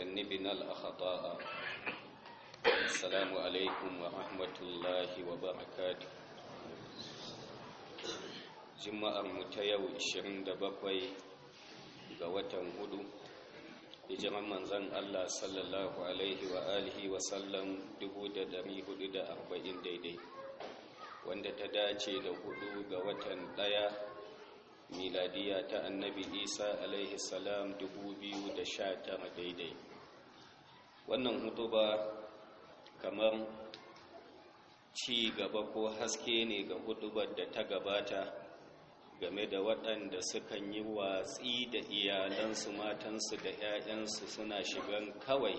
وجنبنا الأخطاء السلام عليكم ورحمة الله وبركاته جمع المتيو 27 ga watan hudu hijiran manzan Allah sallallahu alaihi wa alihi wa sallam 1440 daidai wanda ta dace da huɗu ga watan ɗaya miladiya ta annabi isa alaihi salam tara daidai wannan hudu ba kamar ci gaba ko haske ne ga hudubar da ta gabata game da waɗanda sukan yi watsi da iyalansu matansu da 'ya'yansu suna shigan kawai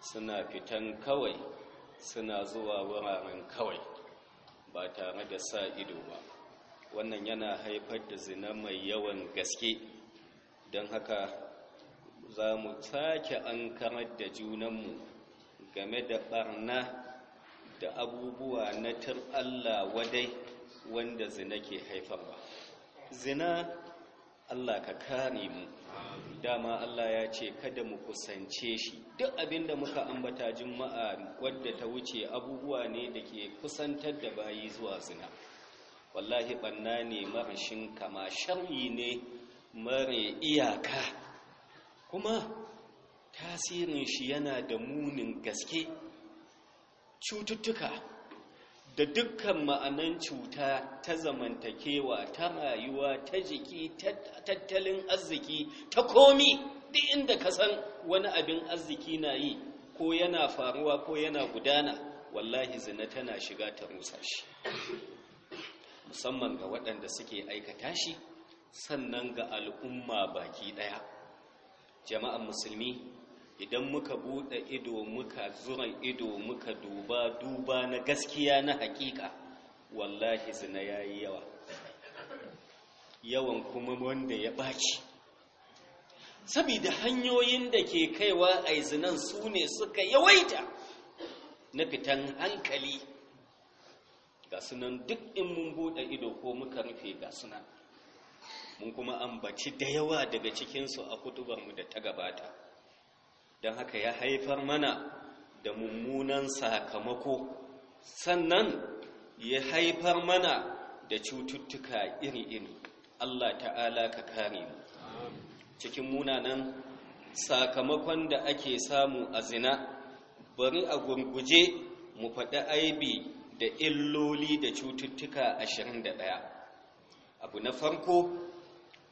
suna fitan kawai suna zuwa wuraren kawai ba tare da sa ido ba wannan yana haifar da zina mai yawan gaske don haka za mu sake an kamar da junanmu game da barna da abubuwa na tun Allah wadai wanda zina ke haifarwa zina Allah ka kare mu dama Allah ya ce kada mu kusance shi duk abinda muka ambata juma'a wadda ta wuce abubuwa ne da ke kusantar da bayi zuwa zina wallahi banna ne marashin kama shar'i ne mare iyaka kuma tasirin shi yana da munin gaske cututtuka da dukkan ma'anan cuta ta zamantakewa ta rayuwa ta jiki tattalin arziki ta komi duk inda ka san wani abin arziki na yi ko yana faruwa ko yana gudana wallahi zina tana shiga ta rusa shi musamman ga waɗanda suke aikata shi sannan ga al'umma baki ɗaya jama'an musulmi idan muka buɗe ido muka zura ido muka duba duba na gaskiya na hakika wallahi zina ya yi yawa yawan kuma wanda ya baci saboda hanyoyin da ke kaiwa a zinan su ne suka yawaita na fitan hankali ga sunan duk in mun buɗe ido ko muka rufe ga sunan mun kuma ambaci da yawa daga cikinsu a kutubarmu da ta gabata don haka ya haifar mana da mummunan sakamako sannan ya haifar mana da cututtuka iri-iri Allah ta'ala ka kare mu cikin munanan sakamakon da ake samu a zina bari a gurguje mu faɗi aibi da illoli da cututtuka 21 abu na farko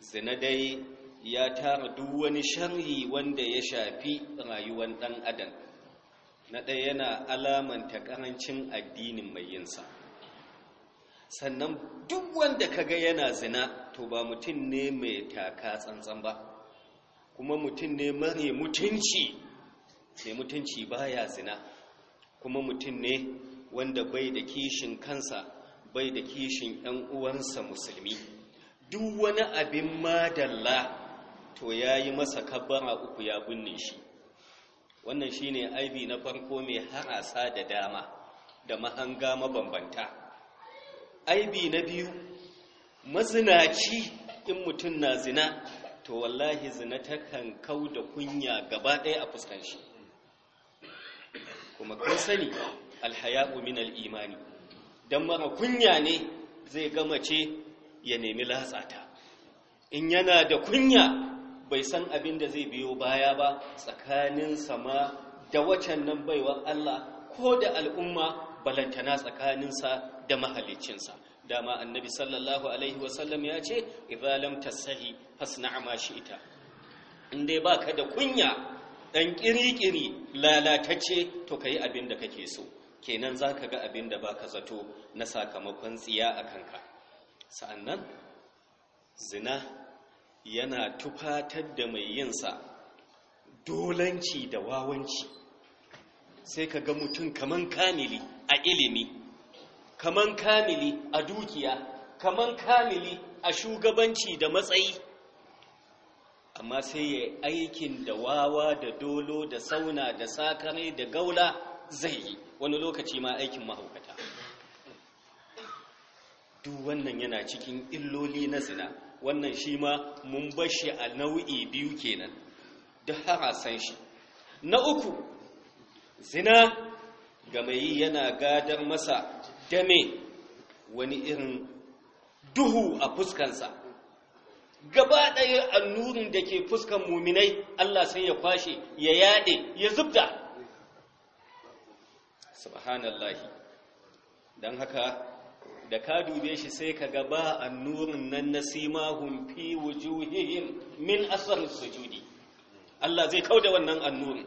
zina dai ya tara duk wani sharri wanda ya shafi rayuwar ɗan adam na ɗaya yana alamanta ƙarancin addinin mai yinsa sannan duk wanda ka ga yana zina to ba mutum ne mai taka tsantsan ba kuma mutum ne mare mutunci mai mutunci baya zina kuma mutum ne wanda bai da kishin kansa bai da kishin 'yan uwansa musulmi duk wani abin madalla to ya yi masa kabara uku ya binne shi wannan shi ne aibi na farko mai harasa da dama da mahanga mabambanta aibi na biyu mazinaci in mutum na zina to wallahi zina takan kau da kunya gaba ɗaya a fuskan shi kuma kun sani alhaya'u min al'imani don mara kunya ne zai gama ce ya nemi latsata in yana da kunya bai san abin da zai biyo baya ba tsakanin sama da wacan nan baiwa Allah ko da al'umma balantana tsakaninsa da mahalicinsa dama annabi sallallahu alaihi wasallam ya ce idza lam tasahi fasna ma shi'ta in dai baka da kunya dan kirikiri lalatacce to kai abin da kake so kenan zaka ga abin da baka zato na sakamakon tsiya a kanka sa'annan zina yana tufatar da mai yinsa dolanci da wawanci sai ka ga mutum kaman kamili a ilimi kaman kamili a dukiya kaman kamili a shugabanci da matsayi amma sai ya aikin da wawa da dolo da sauna da sakare da gaula zai yi wani lokaci ma aikin mahaukata duk wannan yana cikin illoli na zina wannan shi ma mun bashi a nau'i biyu kenan duk haka san shi na uku zina ga mai yana gadar masa dame wani irin duhu a fuskansa gaba ɗaya annurin da ke fuskan muminai Allah sai ya kwashe ya yaɗe ya zubda subhanallahi don haka da ka dube shi sai ka ga ba annurin nan na simahum fi wujuhihim min asar sujudi Allah zai kau da wannan annurin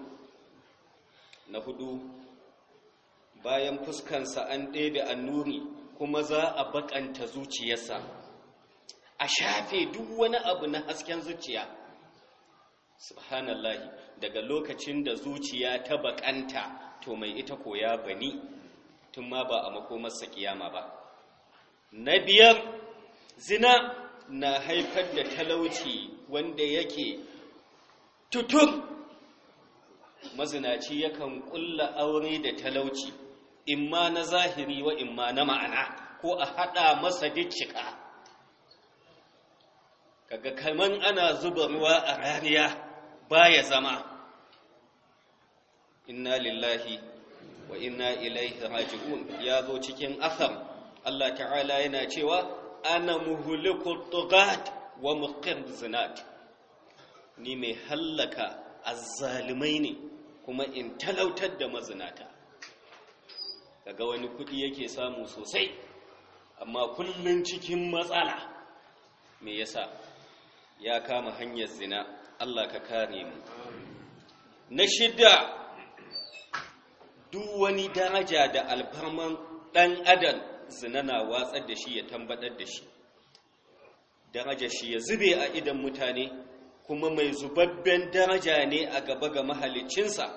na hudu bayan fuskansa an ɗebe annuri kuma za a bakanta zuciyarsa a shafe duk wani abu na hasken zuciya subhanallahi daga lokacin da zuciya ta bakanta to mai ita koya bani tun ma ba a makomarsa kiyama ba na biyar zina na haifar da talauci wanda yake tutur mazinaci yakan kulla aure da talauci imma na zahiri wa imma na ma'ana ko a hada masa dicika kaga kaman ana zuba ruwa a rariya baya zama inna lillahi wa inna ilaihi raji'un ya zo cikin asar Allah ta'ala yana cewa ana muhulikul tughat wa muqim zinat ni mai hallaka azzalimai ne kuma in talautar da mazinata Daga wani kudi yake samu sosai amma kullun cikin matsala me yasa ya kama hanyar zina Allah ka kare mu na shida duk wani daraja da alfarman ɗan adam zina na watsar da shi ya tambatar da shi daraja shi ya zube a idan mutane kuma mai zubabben daraja ne a gaba ga mahalicinsa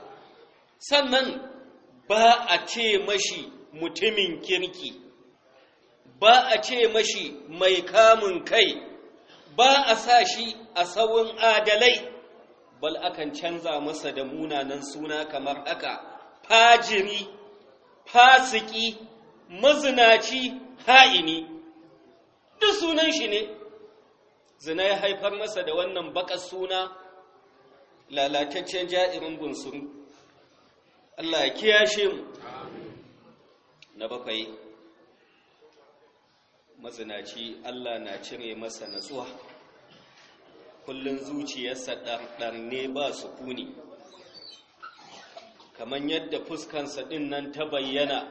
sannan ba a ce mashi mutumin kirki ba a ce mashi mai kamun kai ba a sa shi a sawun adalai bal akan canza masa da munanan suna kamar aka fajiri fasiki mazinaci ha'ini duk sunan shi ne zina ya haifar masa da wannan baka suna lalataccen ja'irin bunsuru Allah ya kiyashe mu na bakwai mazinaci Allah na cire masa natsuwa kullun zuciyarsa ɗarɗar ne ba sukuni kamar yadda fuskansa ɗin nan ta bayyana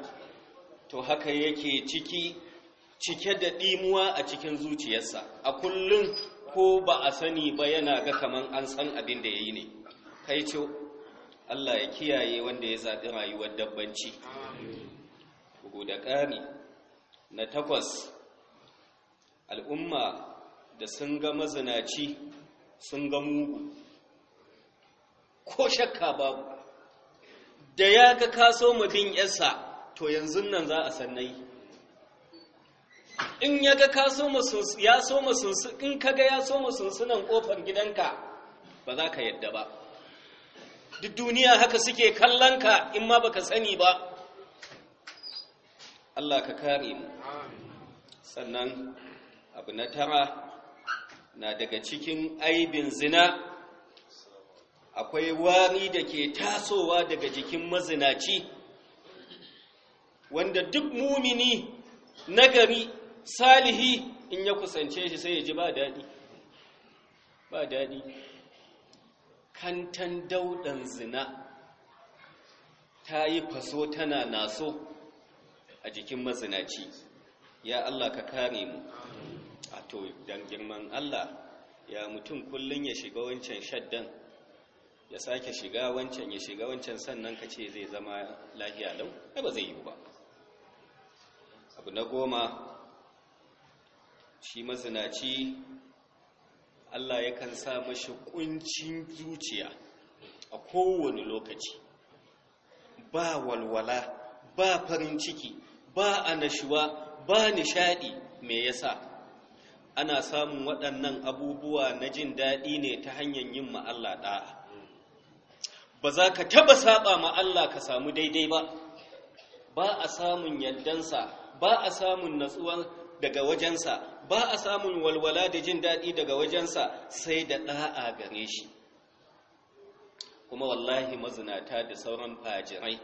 to haka yake ciki cike da ɗimuwa a cikin zuciyarsa a kullum ko ba a sani ba yana ga kaman an san abin da yayi yi ne kai ce Allah ya kiyaye wanda ya zabi rayuwar dabbanci bugu da ƙari na takwas al'umma da sun ga mazinaci sun ga mugu ko shakka babu da ya ga kaso mabin yasa to yanzu nan za a sannai in ya ga ka ya soma sunsu in ga ya kofar gidanka ba za ka yadda ba duk duniya haka suke kallon ka in ma baka sani ba Allah ka kare mu sannan abu na tara na daga cikin aibin zina akwai wari da ke tasowa daga jikin mazinaci wanda duk mumini nagari salihi in ya kusance shi sai ya ji ba daɗi ba daɗi kantan daudan zina ta yi faso tana naso a jikin mazinaci ya Allah ka kare mu a to dan girman Allah ya mutum kullun ya shiga wancan shaddan ya sake shiga wancan ya shiga wancan sannan ka ce zai zama lahiya lau ba zai yi ba abu na goma shi mazinaci Allah yakan sa mashi kuncin zuciya a kowane lokaci ba walwala ba farin ciki ba anashuwa ba nishadi me yasa ana samun waɗannan abubuwa na jin daɗi ne ta hanyar yin Allah ɗa'a ba za ka taɓa saɓa ma Allah ka samu daidai ba ba a samun yardansa ba a samun natsuwa daga wajensa ba a samun walwala da jin daɗi daga wajensa sai da ɗa'a gare shi kuma wallahi mazinata da sauran fajirai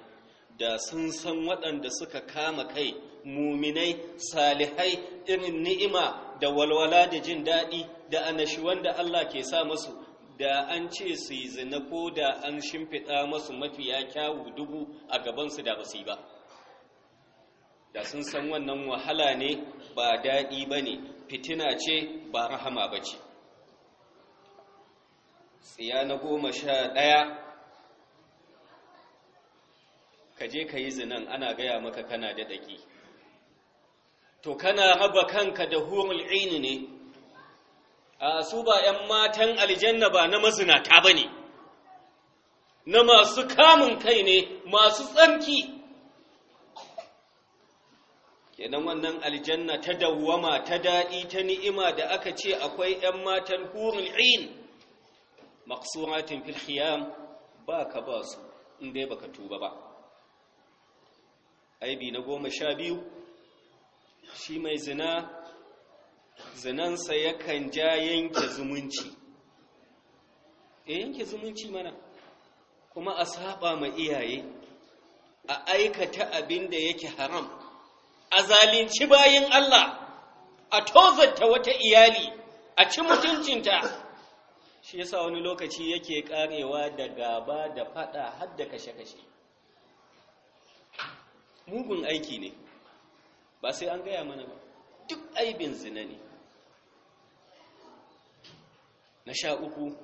da sun san waɗanda suka kama kai muminai salihai irin ni'ima da walwala da jin daɗi da anashi wanda Allah ke sa masu da an ce su yi zina ko da an shimfiɗa masu mafiya kyawu dubu a gabansu da basu yi ba da sun san wannan wahala ne ba daɗi ba ne fitina ce ba rahama ba ce tsiya na goma sha ɗaya ka je ka yi zinan ana gaya maka kana da ɗaki to kana raba kanka da hurul ainu ne a su ba ‘yan matan aljanna ba na mazinata ba ne na masu kamun kai ne masu tsanki kenan wannan aljanna ta dawwama ta daɗi ta ni'ima da aka ce akwai 'yan matan hurul in maqsuratin fil khiyam ba ka ba su ba baka tuba ba aibi na goma sha biyu shi mai zina zinansa yakan ja yanke zumunci e yanke zumunci mana kuma a saba ma iyaye a aikata abin da yake haram a zalunci bayan Allah a tozarta wata iyali a ci mutuncinta shi yasa wani lokaci yake karewa da gaba da fada har da kashe-kashe mugun aiki ne ba sai an gaya mana ba duk aibin zina ne na sha uku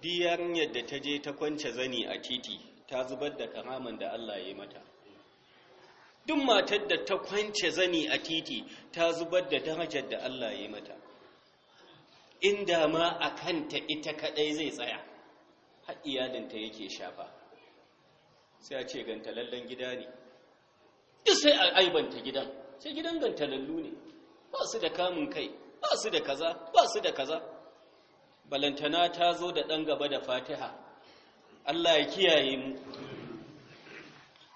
biyar yadda ta je ta kwance zani a titi ta zubar da karaman da Allah ya yi mata duk matar da ta kwance zani a titi ta zubar da darajar da Allah ya yi mata inda ma a kanta ita kadai zai tsaya har iyalinta yake shafa sai a ce gantalallen gida ne duk sai a aibanta gidan sai gidan gantalallu ne ba su da kamun kai ba su da kaza ba su da kaza balantana ta zo da ɗan gaba da fatiha Allah ya kiyaye mu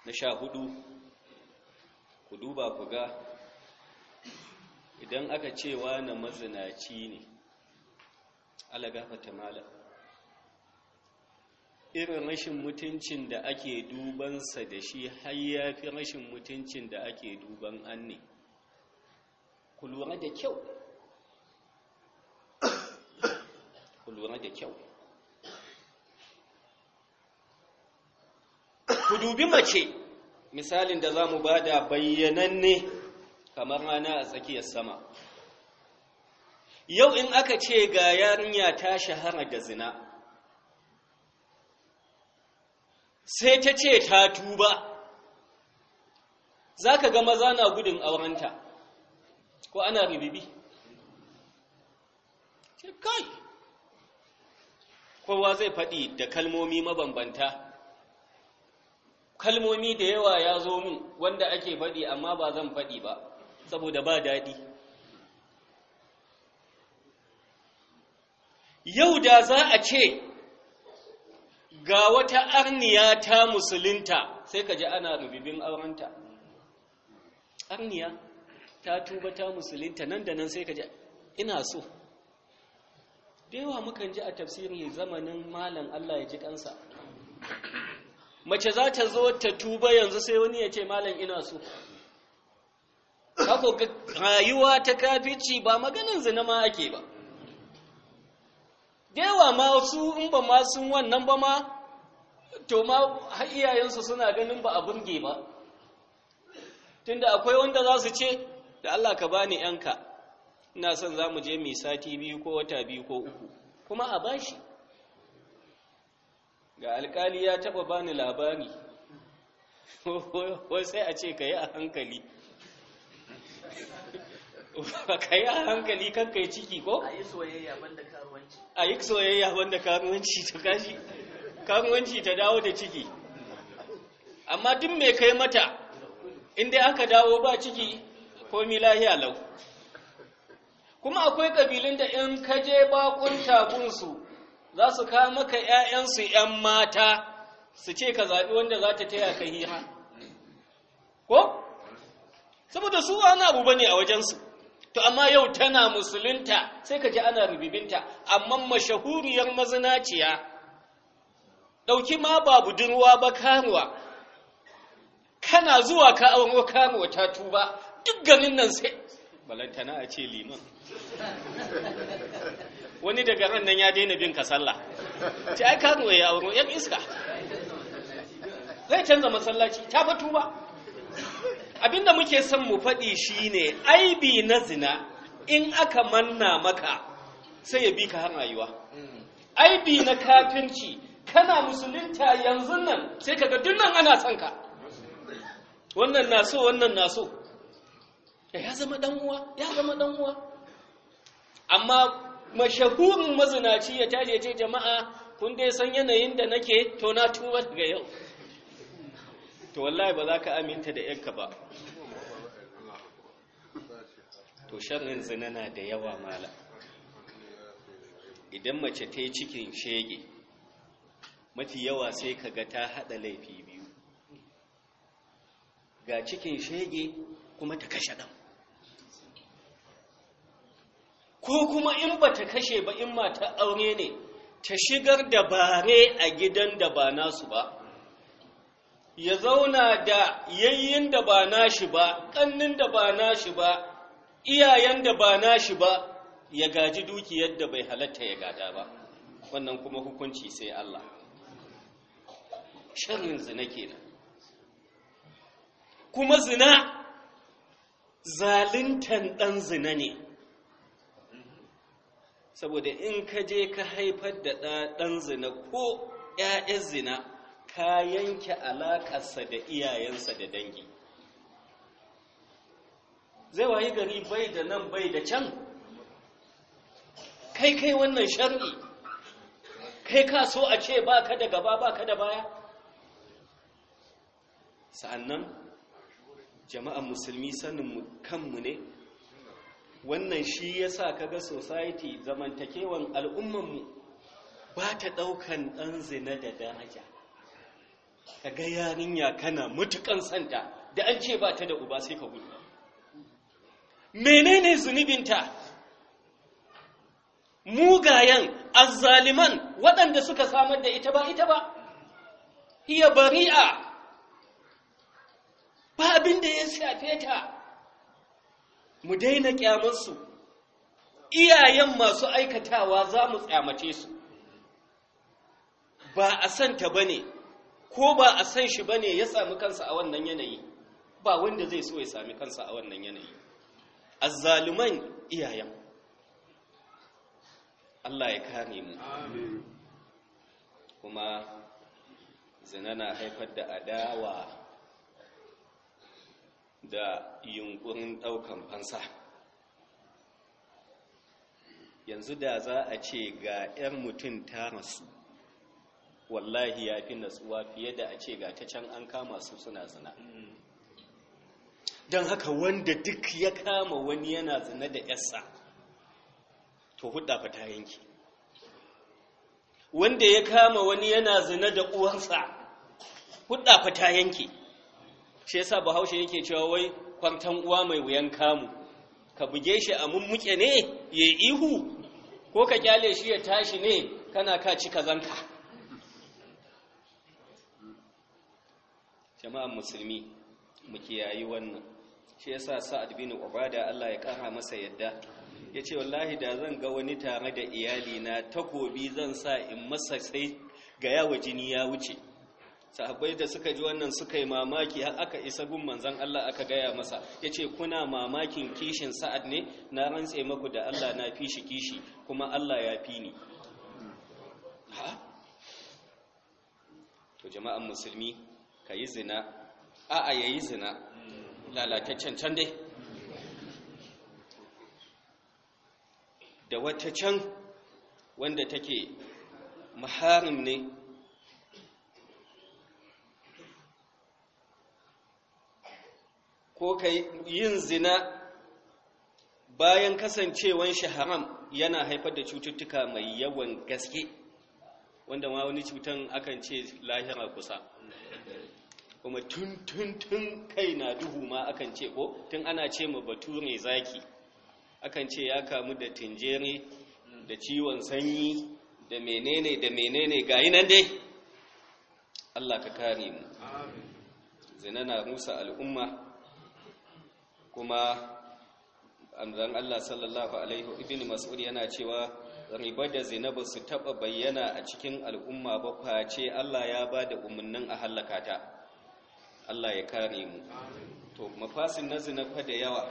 na sha hudu ku duba ku ga idan aka ce na mazinaci ne ala mala irin rashin mutuncin da ake dubansa da shi har ya fi rashin mutuncin da ake duban an ne ku lura da kyau ku lura da kyau ku dubi mace misalin da za mu bada bayyananne kamar rana a tsakiyar sama yau in aka ce ga yarinya ta shahara da zina sai ta ce ta tuba za ka ga maza na gudun aurenta ko ana ribibi kai kowa zai faɗi da kalmomi mabambanta kalmomi da yawa ya zo mu wanda ake faɗi amma ba zan faɗi ba saboda ba daɗi yau da za a ce ga wata arniya ta musulunta sai ka ji ana rubibin aurenta arniya ta tuba ta musulunta nan da nan sai ka ji ina so da yawa mukan ji a tafsirin zamanin malam Allah ya ji kansa mace za ta zo ta tuba yanzu sai wani ya ce malam ina so kako rayuwa ta kafici ba maganin zina ma ake ba dewa ma su in ba ma sun wannan ba ma to ma iyayensu suna ganin ba abin ge ba tunda akwai wanda za su ce da Allah ka bani yanka ina son za mu je mi sati biyu ko wata biyu ko uku kuma a bashi ga alkali ya taba bani labari ko sai a ce ka yi a hankali ka yi a hankali kan kai ciki ko? a yi soyayya banda karuwanci yi ta kashi karuwanci ta dawo da ciki amma duk mai kai mata inda aka dawo ba ciki komi lahiya lau kuma akwai ƙabilun da in kaje bakon tagunsu za su kawo maka 'ya'yansu 'yan mata su ce ka zaɓi wanda za ta taya ka hira ko saboda su ana abu bane a wajensu to amma yau tana musulunta sai ka ji ana rubibinta amma mashahuriyar mazinaciya ɗauki ma ba budurwa ba karuwa kana zuwa ka auro karuwa ta tuba duk ganin nan sai balantana a ce liman wani daga ran nan ya daina bin ka sallah ta ai kano ya auro yan iska zai canza masallaci ta fatu ba abinda muke son mu faɗi shine aibi na zina in aka manna maka sai ya bi ka har rayuwa aibi na kafirci kana musulunta yanzu nan sai kaga nan ana son ka wannan na so wannan na so ya zama dan ya zama dan amma mashahurin mazinaci ya tashi ce jama'a kun dai san yanayin da nake to na daga yau to wallahi ba za ka aminta da yanka ba to sharrin zina na da yawa mala idan mace ta yi cikin shege mafi yawa sai ka ga ta haɗa laifi biyu ga cikin shege kuma ta kashe ɗan ko kuma in ba ta kashe ba in ma ta aure ne ta shigar da bare a gidan da ba nasu ba ya zauna da yayyin da ba nashi ba ƙannin da ba nashi ba iyayen da ba nashi ba ya gaji dukiyar da bai halatta ya gada ba wannan kuma hukunci sai Allah sharrin zina kenan kuma zina zaluntan dan zina ne saboda in ka je ka haifar da ɗan zina ko ‘ya'yan zina ka yanke alaƙarsa da iyayensa da dangi zai wayi gari bai da nan bai da can kai kai wannan shari’i kai ka so a ce ba ka da gaba ba ka da baya sa'annan jama'an musulmi sanin kanmu ne wannan shi ya sa kaga society zamantakewan al'ummanmu ba ta ɗaukan ɗan zina da daraja Ka kaga yarinya kana mutukan santa da an ce ba ta da uba sai ka gudu menene zunubinta mugayen azzaliman waɗanda suka samar da ita ba ita ba iya bari'a ba abin ya shafe ta mu daina kyamansu iyayen masu aikatawa za mu tsamace su ba a santa ba ne ko ba a san shi bane ya sami kansa a wannan yanayi ba wanda zai so ya sami kansa a wannan yanayi azzaluman iyayen Allah ya kare mu kuma zina na haifar da adawa da yunkurin ɗaukan fansa yanzu da za a ce ga 'yan mutum ta rasu, wallahi ya fi natsuwa fiye da a ce ga ta can an kama su suna zina don haka wanda duk ya kama wani yana zina da yasa to hudda ta yanki wanda ya kama wani yana zina da uwansa hudda ta yanki shi yasa bahaushe yake cewa wai kwantan uwa mai wuyan kamu ka buge shi a mummuke ne ya ihu ko ka kyale shi ya tashi ne kana ka ci kazanka jama'an musulmi muke yayi wannan shi yasa sa'ad bin ubada Allah ya kara masa yadda yace wallahi da zan ga wani tare da iyali na takobi zan sa in masa sai ga yawa jini ya wuce sahabbai da suka ji wannan suka yi mamaki har aka isa gun manzon Allah aka gaya masa Ya yace kuna mamakin kishin sa'ad ne na rantse maku da Allah na fi shi kishi kuma Allah ya fi ni to jama'an musulmi ka yi zina a a yayi zina lalataccen can dai da wata can wanda take maharin ne ko ka yin zina bayan kasancewan shi haram yana haifar da cututtuka mai yawan gaske wanda ma wani cutan akan ce lahira kusa kuma tun tun tun kai na duhu ma akan ce ko tun ana ce ma bature zaki akan ce ya kamu da tinjeri da ciwon sanyi da menene da menene yi nan dai Allah ka kare mu zina na rusa al'umma kuma amzan Allah sallallahu alaihi ibn mas'ud yana cewa riba da zinabu su taba bayyana a cikin al'umma ba kwace Allah ya ba da umarnin a halakata, Allah ya kare mu to mafasin na zina da yawa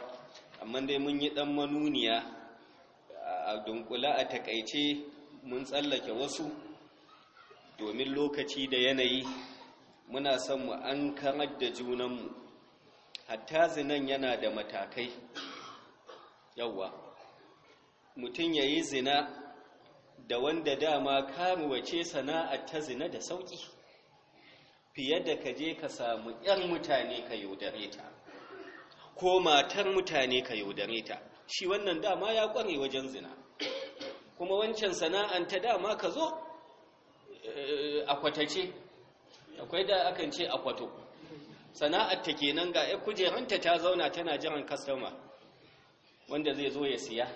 amma dai mun yi ɗan manuniya a dunkula a takaice mun tsallake wasu domin lokaci da yanayi muna son mu an kamar da junanmu hatta zinan yana da matakai yawa mutum ya yi zina da wanda dama wace sana'ar ta zina da sauƙi fiye da ka je ka samu 'yan mutane ka yaudare ta ko matar mutane ka yaudare ta shi wannan dama ya ƙware wajen zina kuma wancan sana'an ta dama ka zo eh, a akwai da akan ce akwato sana'ar ta kenan ga 'yan kujeranta ta zauna tana jiran kastoma, wanda zai zo ya siya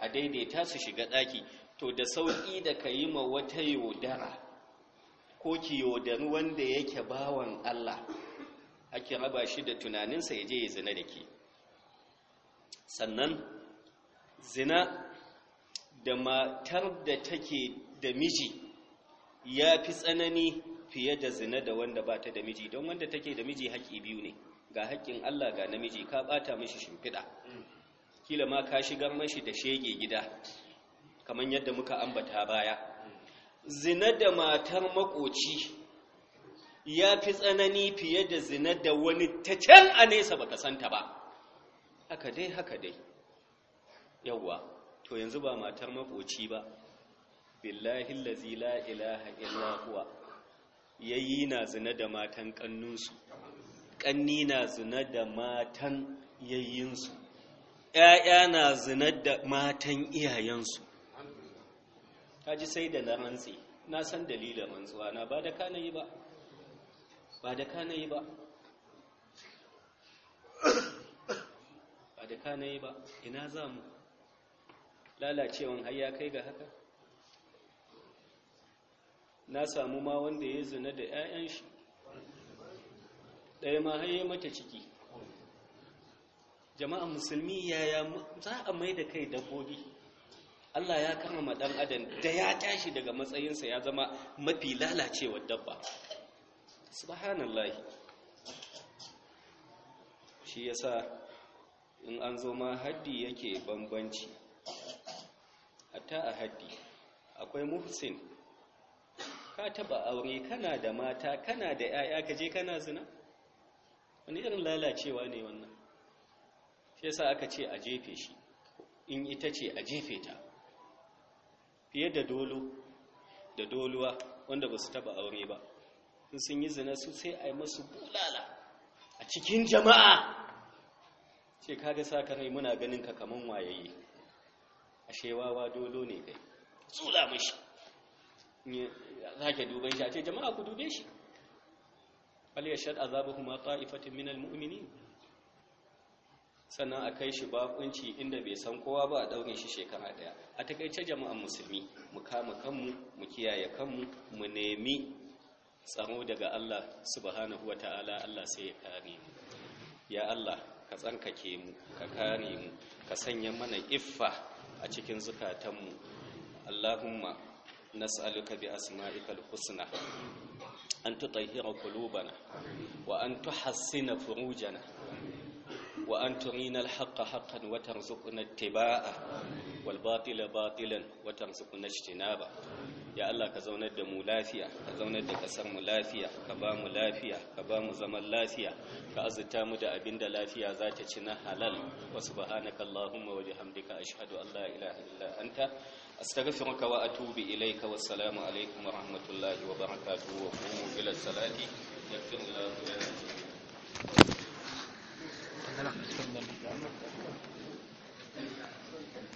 a daidaita su shiga daki. to da sauƙi da ka yi ma wata yodara ko ki yodari wanda yake bawan Allah ake raba shi da tunaninsa ya je ya zina da ke sannan zina da matar da take da miji ya fi tsanani fiye da zina da wanda ba ta da miji don wanda take da miji haƙƙi biyu ne ga haƙƙin Allah ga namiji ka ɓata mashi shimfiɗa kila ma ka shigar mashi da shege gida kamar yadda muka ambata baya zina da matar makoci ya fi tsanani fiye da zina da wani ta can a nesa ba baka santa ba haka dai haka dai yawwa to yanzu ba matar makoci ba billahi lazi la ilaha illa huwa yayi na zina da matan kannunsu kanni na zina da matan yayyinsu ƴaƴa na zina da matan iyayensu ta ji sai da na rantsi na san dalilin manzuwa na ba da ka yi ba ba da kana yi ba ba da kana yi ba ina za mu lalacewan hayya kai ga haka na samu ma wanda ya zina da 'ya'yan shi ɗaya ma haye mata ciki jama'a musulmi yaya za a mai da kai dabbobi Allah ya kama ɗan adam da ya tashi daga matsayinsa ya zama mafi lalacewa dabba subhanallahi shi ya sa in an zo ma haddi yake bambanci ta a haddi akwai muhsin ka taba aure kana da mata kana da yaya ka je kana zina wani irin lalacewa ne wannan shi yasa aka ce a jefe shi in ita ce a jefe ta fiye da dolo da doluwa wanda ba su taba aure ba in sun yi zina su sai a yi masu bulala a cikin jama'a ce kaga sa ka rai muna ganin ka kaman wayaye ashe wawa dolo ne kai tsula mashi sake duban shi a ce jama'a ku dube shi bal yashad azabuhuma ta'ifatin minal mu'minin sannan a kai shi bakunci inda bai san kowa ba a daurin shi shekara daya a takaice jama'an musulmi mu kama kanmu mu kiyaye kanmu mu nemi tsaro daga Allah subhanahu wataala Allah sai ya kare mu ya Allah ka tsarkake mu ka kare mu ka sanya mana iffa a cikin zukatanmu Allahumma نسألك بأسمائك الحسنى أن تطهر قلوبنا وأن تحسن فروجنا وأن ترينا الحق حقا وترزقنا اتباعه والباطل باطلا وترزقنا اجتنابه ya Allah ka zaunar da mu lafiya ka zaunar da kasar mu lafiya ka ba mu lafiya ka ba mu zaman lafiya ka azuta mu da abinda da lafiya za ta ci na halal wa ashhadu an أستغفرك وأتوب إليك والسلام عليكم ورحمة الله وبركاته وقوموا إلى الصلاة يكفر الله لنا